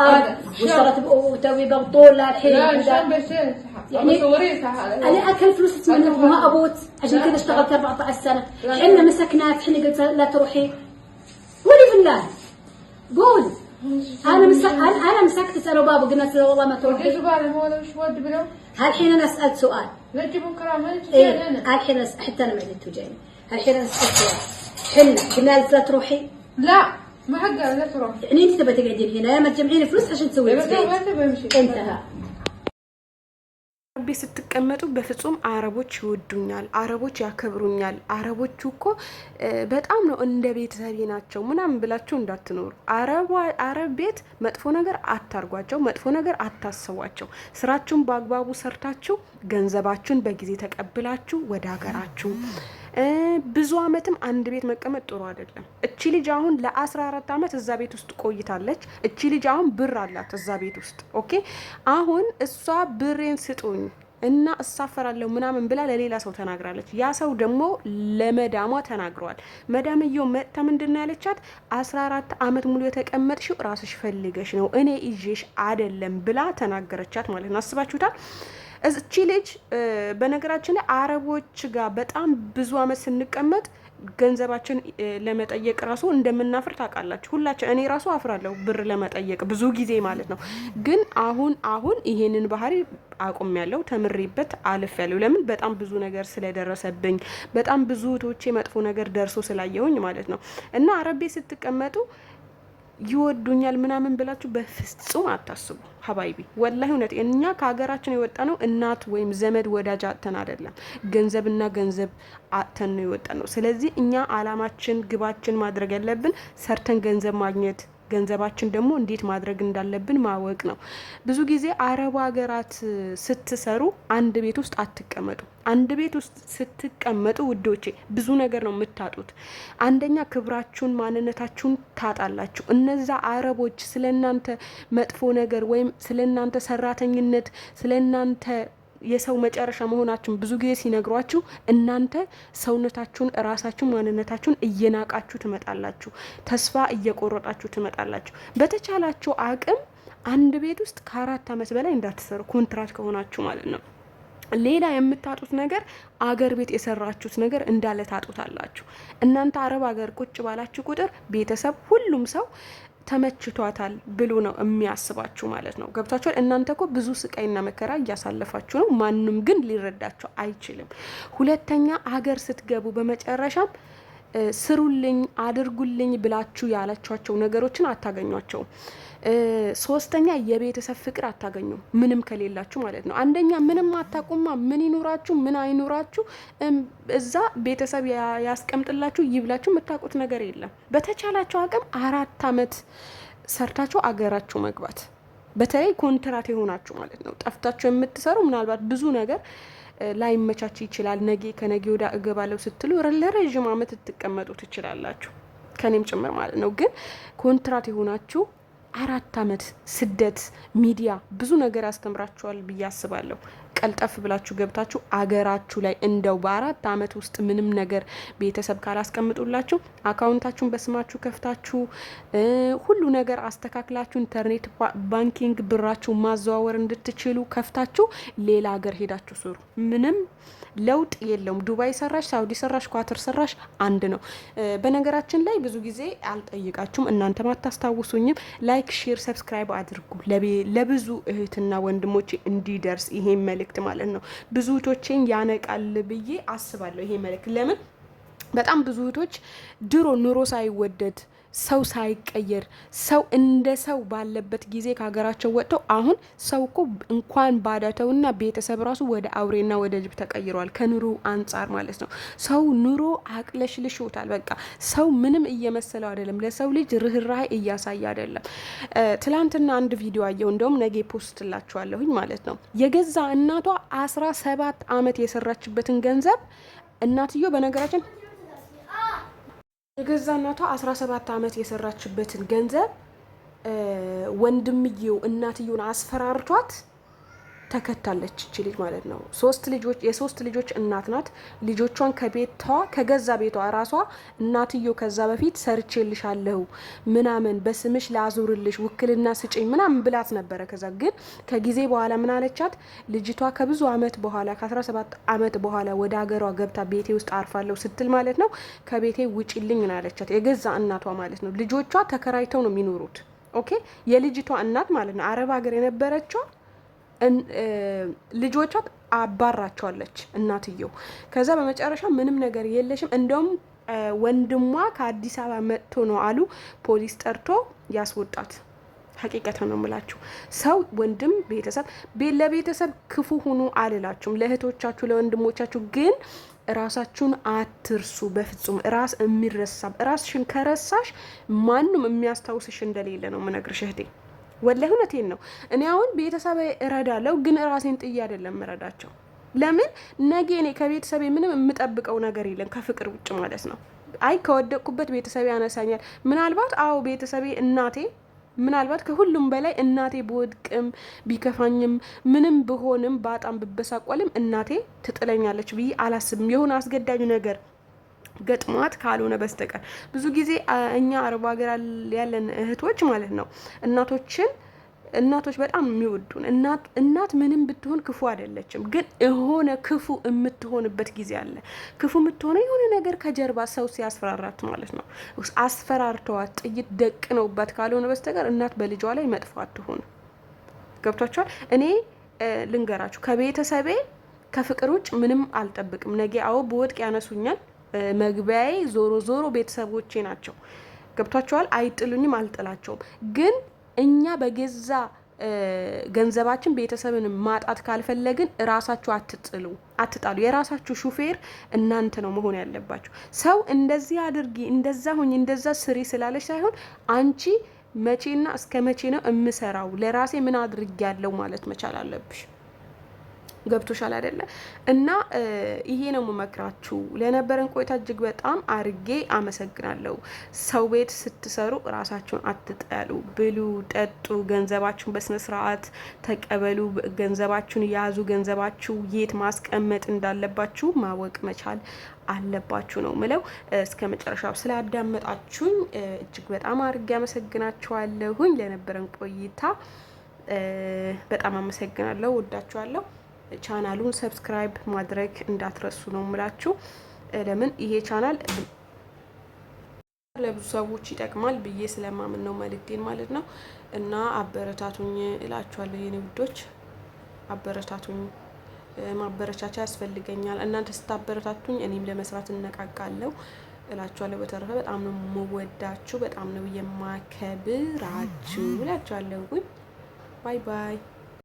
الارض واشترت وتوي بطوله الحين لا شلون بشيت يعني انا اكل فلوس تمنى ما ابوت عشان كذا اشتغلت 14 سنه حنا مسكناك حنا قلت لا تروحي قولي بالله قول انا مسك انا انا مسكت انا وبابا قلنا له والله ما تروحي بعد هو ايش ود الحين انا اسالت سؤال لا تجيبون كرامه إيه، ما الحين حتى انا ما عندي توجعني الحين انا اسالت سؤال حنا قلنا لك لا تروحي لا ما حد لا تروح يعني انت تبغى تقعدين هنا يا ما تجمعين فلوس عشان تسوي انتهى ቤት ስትቀመጡ በፍጹም አረቦች ይወዱኛል፣ አረቦች ያከብሩኛል፣ አረቦቹ እኮ በጣም ነው እንደ ቤተሰቤ ናቸው ምናምን ብላችሁ እንዳትኖሩ። አረብ ቤት መጥፎ ነገር አታርጓቸው፣ መጥፎ ነገር አታሰቧቸው። ስራችሁን በአግባቡ ሰርታችሁ ገንዘባችሁን በጊዜ ተቀብላችሁ ወደ ሀገራችሁ ብዙ አመትም አንድ ቤት መቀመጥ ጥሩ አይደለም። እቺ ልጅ አሁን ለ14 አመት እዛ ቤት ውስጥ ቆይታለች። እቺ ልጅ አሁን ብር አላት እዛ ቤት ውስጥ ኦኬ። አሁን እሷ ብሬን ስጡኝ እና እሳፈራለሁ ምናምን ብላ ለሌላ ሰው ተናግራለች። ያ ሰው ደግሞ ለመዳሟ ተናግረዋል። መዳምየው መጥታ ምንድን ነው ያለቻት? አስራ አራት አመት ሙሉ የተቀመጥሽው ራስሽ ፈልገሽ ነው እኔ ይዤሽ አይደለም ብላ ተናገረቻት ማለት ነው። አስባችሁታል? እቺ ልጅ በነገራችን ላይ አረቦች ጋር በጣም ብዙ አመት ስንቀመጥ ገንዘባችን ለመጠየቅ ራሱ እንደምናፍር ታውቃላችሁ ሁላችን። እኔ ራሱ አፍራለሁ ብር ለመጠየቅ ብዙ ጊዜ ማለት ነው። ግን አሁን አሁን ይሄንን ባህሪ አቁም ያለው ተምሬበት አልፍ ያለው ለምን በጣም ብዙ ነገር ስለደረሰብኝ በጣም ብዙ ቶቼ መጥፎ ነገር ደርሶ ስላየውኝ ማለት ነው። እና አረቤ ስትቀመጡ ይወዱኛል ምናምን ብላችሁ በፍጹም አታስቡ ሀባይቢ። ወላሂ እውነት እኛ ከሀገራችን የወጣ ነው እናት ወይም ዘመድ ወዳጅ አጥተን አይደለም፣ ገንዘብና ገንዘብ አጥተን ነው የወጣ ነው። ስለዚህ እኛ አላማችን ግባችን ማድረግ ያለብን ሰርተን ገንዘብ ማግኘት ገንዘባችን ደግሞ እንዴት ማድረግ እንዳለብን ማወቅ ነው። ብዙ ጊዜ አረብ ሀገራት ስትሰሩ አንድ ቤት ውስጥ አትቀመጡ። አንድ ቤት ውስጥ ስትቀመጡ ውዶቼ ብዙ ነገር ነው የምታጡት። አንደኛ ክብራችሁን፣ ማንነታችሁን ታጣላችሁ። እነዛ አረቦች ስለ እናንተ መጥፎ ነገር ወይም ስለ እናንተ ሰራተኝነት ስለ እናንተ የሰው መጨረሻ መሆናችሁን ብዙ ጊዜ ሲነግሯችሁ እናንተ ሰውነታችሁን ራሳችሁን ማንነታችሁን እየናቃችሁ ትመጣላችሁ። ተስፋ እየቆረጣችሁ ትመጣላችሁ። በተቻላችሁ አቅም አንድ ቤት ውስጥ ከአራት ዓመት በላይ እንዳትሰሩ ኮንትራት ከሆናችሁ ማለት ነው። ሌላ የምታጡት ነገር አገር ቤት የሰራችሁት ነገር እንዳለ ታጡታላችሁ። እናንተ አረብ ሀገር ቁጭ ባላችሁ ቁጥር ቤተሰብ ሁሉም ሰው ተመችቷታል ብሎ ነው የሚያስባችሁ ማለት ነው። ገብታችኋል? እናንተ ኮ ብዙ ስቃይና መከራ እያሳለፋችሁ ነው። ማንም ግን ሊረዳችሁ አይችልም። ሁለተኛ አገር ስትገቡ በመጨረሻም ስሩልኝ፣ አድርጉልኝ ብላችሁ ያላችኋቸው ነገሮችን አታገኟቸውም። ሶስተኛ የቤተሰብ ፍቅር አታገኙ ምንም ከሌላችሁ ማለት ነው። አንደኛ ምንም አታቁማ፣ ምን ይኖራችሁ ምን አይኖራችሁ እዛ ቤተሰብ ያስቀምጥላችሁ ይብላችሁ፣ የምታውቁት ነገር የለም። በተቻላቸው አቅም አራት አመት ሰርታችሁ አገራችሁ መግባት፣ በተለይ ኮንትራት የሆናችሁ ማለት ነው። ጠፍታችሁ የምትሰሩ ምናልባት ብዙ ነገር ላይመቻች ይችላል። ነጌ ከነጌ ወደ እገባለው ስትሉ ለረዥም አመት ልትቀመጡ ትችላላችሁ፣ ከኔም ጭምር ማለት ነው። ግን ኮንትራት የሆናችሁ አራት ዓመት ስደት ሚዲያ ብዙ ነገር አስተምራቸዋል ብዬ አስባለሁ። ቀልጠፍ ብላችሁ ገብታችሁ አገራችሁ ላይ እንደው በአራት አመት ውስጥ ምንም ነገር ቤተሰብ ካላስቀምጡላችሁ አካውንታችሁን በስማችሁ ከፍታችሁ ሁሉ ነገር አስተካክላችሁ ኢንተርኔት ባንኪንግ ብራችሁ ማዘዋወር እንድትችሉ ከፍታችሁ ሌላ ሀገር ሄዳችሁ ስሩ። ምንም ለውጥ የለውም። ዱባይ ሰራሽ፣ ሳውዲ ሰራሽ፣ ኳትር ሰራሽ አንድ ነው። በነገራችን ላይ ብዙ ጊዜ አልጠይቃችሁም፣ እናንተም አታስታውሱኝም። ላይክ፣ ሼር፣ ሰብስክራይብ አድርጉ ለብዙ እህትና ወንድሞች እንዲደርስ ይሄን መልክ መልእክት ማለት ነው ብዙ ብዙቶችን ያነቃል ብዬ አስባለሁ። ይሄ መልእክት ለምን በጣም ብዙ ብዙቶች ድሮ ኑሮ ሳይወደድ ሰው ሳይቀየር ሰው እንደ ሰው ባለበት ጊዜ ከሀገራቸው ወጥተው አሁን ሰው እኮ እንኳን ባዳተውና ቤተሰብ ራሱ ወደ አውሬና ወደ ጅብ ተቀይረዋል። ከኑሮ አንጻር ማለት ነው። ሰው ኑሮ አቅለሽልሽታል። በቃ ሰው ምንም እየመሰለው አይደለም። ለሰው ልጅ ርኅራሄ እያሳየ አይደለም። ትላንትና አንድ ቪዲዮ አየው፣ እንደውም ነገ ፖስት ላችኋለሁኝ ማለት ነው። የገዛ እናቷ አስራ ሰባት አመት የሰራችበትን ገንዘብ እናትዮ በነገራችን የገዛ እናቷ 17 ዓመት የሰራችበትን ገንዘብ ወንድምየው እናትየውን አስፈራርቷት ተከታለች እቺ ልጅ ማለት ነው። ሶስት ልጆች የሶስት ልጆች እናት ናት። ልጆቿን ከቤቷ ከገዛ ቤቷ ራሷ እናትዮ ከዛ በፊት ሰርቼልሻለሁ ምናምን በስምሽ ላዙርልሽ ውክልና ስጭኝ ምናምን ብላት ነበረ። ከዛ ግን ከጊዜ በኋላ ምን አለቻት ልጅቷ ከብዙ አመት በኋላ ከ17 አመት በኋላ ወደ ሀገሯ ገብታ ቤቴ ውስጥ አርፋለሁ ስትል ማለት ነው ከቤቴ ውጭልኝ ና አለቻት። የገዛ እናቷ ማለት ነው። ልጆቿ ተከራይተው ነው የሚኖሩት። ኦኬ የልጅቷ እናት ማለት ነው አረብ ሀገር የነበረችው ልጆቿ አባራቸዋለች እናትየው። ከዛ በመጨረሻ ምንም ነገር የለሽም እንደውም ወንድሟ ከአዲስ አበባ መጥቶ ነው አሉ ፖሊስ ጠርቶ ያስወጣት። ሀቂቀት ነው የምላችሁ። ሰው ወንድም፣ ቤተሰብ ለቤተሰብ ክፉ ሁኑ አልላችሁም። ለእህቶቻችሁ ለወንድሞቻችሁ ግን ራሳችሁን አትርሱ። በፍጹም ራስ የሚረሳ ራስሽን ከረሳሽ ማንም የሚያስታውስሽ እንደሌለ ነው የምነግርሽ እህቴ። ወላሂ እውነቴን ነው። እኔ አሁን ቤተሰብ እረዳለሁ፣ ግን ራሴን ጥዬ አይደለም እረዳቸው። ለምን ነገ እኔ ከቤተሰብ ምንም የምጠብቀው ነገር የለም ከፍቅር ውጭ ማለት ነው። አይ ከወደቅኩበት ቤተሰቤ ያነሳኛል። ምናልባት አዎ ቤተሰቤ እናቴ ምናልባት ከሁሉም በላይ እናቴ ብወድቅም ቢከፋኝም ምንም ብሆንም በጣም ብበሳቆልም እናቴ ትጥለኛለች ብዬ አላስብም። የሆነ አስገዳጅ ነገር ገጥሟት ካልሆነ በስተቀር ብዙ ጊዜ እኛ አረብ ሀገር ያለን እህቶች ማለት ነው እናቶችን እናቶች በጣም የሚወዱን እናት ምንም ብትሆን ክፉ አይደለችም፣ ግን የሆነ ክፉ የምትሆንበት ጊዜ አለ። ክፉ የምትሆነ የሆነ ነገር ከጀርባ ሰው ሲያስፈራራት ማለት ነው። አስፈራርተዋት ጥይት ነውባት ካልሆነ በስተቀር እናት በልጇ ላይ መጥፎ አትሆን። ገብቷችኋል? እኔ ልንገራችሁ፣ ከቤተሰቤ ከፍቅር ውጭ ምንም አልጠብቅም። ነገ አዎ ብወድቅ ያነሱኛል መግቢያዬ ዞሮ ዞሮ ቤተሰቦቼ ናቸው። ገብቷቸዋል። አይጥሉኝም፣ አልጥላቸውም። ግን እኛ በገዛ ገንዘባችን ቤተሰብን ማጣት ካልፈለግን ራሳችሁ አትጥሉ አትጣሉ። የራሳችሁ ሹፌር እናንተ ነው መሆን ያለባችሁ። ሰው እንደዚህ አድርጊ፣ እንደዛ ሁኝ፣ እንደዛ ስሪ ስላለች ሳይሆን አንቺ መቼና እስከ መቼ ነው የምሰራው፣ ለራሴ ምን ያለው ማለት መቻል አለብሽ። ገብቶሻል አይደለ? እና ይሄ ነው የምመክራችሁ። ለነበረን ቆይታ እጅግ በጣም አርጌ አመሰግናለሁ። ሰው ቤት ስትሰሩ እራሳችሁን አትጠሉ። ብሉ፣ ጠጡ፣ ገንዘባችሁን በስነስርዓት ተቀበሉ። ገንዘባችሁን ያዙ። ገንዘባችሁ የት ማስቀመጥ እንዳለባችሁ ማወቅ መቻል አለባችሁ ነው ምለው። እስከ መጨረሻው ስላዳመጣችሁኝ እጅግ በጣም አርጌ አመሰግናችኋለሁኝ። ለነበረን ቆይታ በጣም አመሰግናለሁ። ወዳችኋለሁ። ቻናሉን ሰብስክራይብ ማድረግ እንዳትረሱ ነው ምላችሁ። ለምን ይሄ ቻናል ለብዙ ሰዎች ይጠቅማል ብዬ ስለማምን ነው መልእክቴን ማለት ነው። እና አበረታቱኝ እላችኋለሁ የኔ ውዶች፣ አበረታቱኝ። ማበረቻቻ ያስፈልገኛል። እናንተ ስታበረታቱኝ እኔም ለመስራት እነቃቃለሁ እላችኋለሁ። በተረፈ በጣም ነው የምወዳችሁ፣ በጣም ነው የማከብራችሁ እላችኋለሁ። ባይ ባይ።